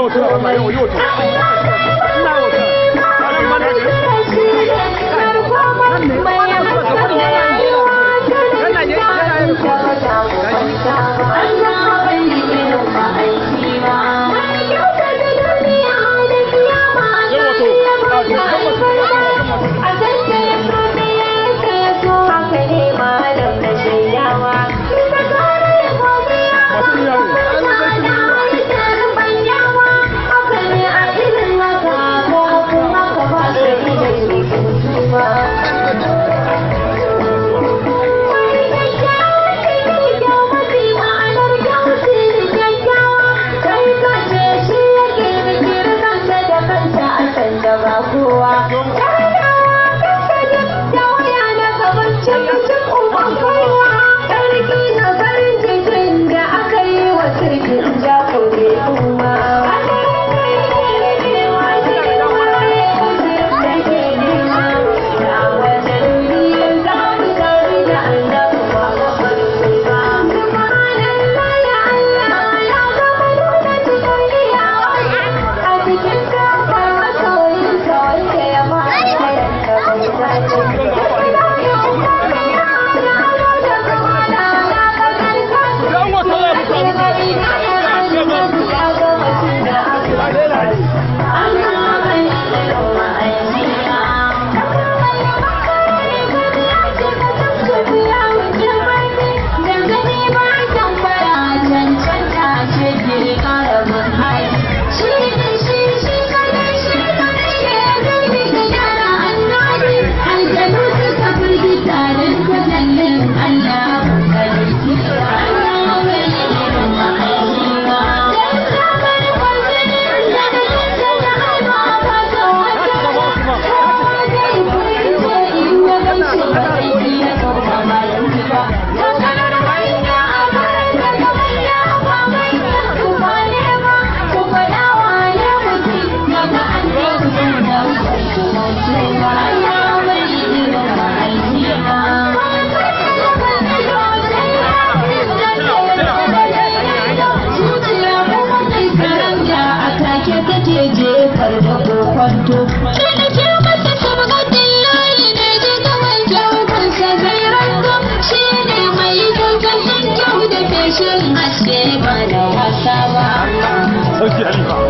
我知道了，没有，我又 Oye, Alibaba.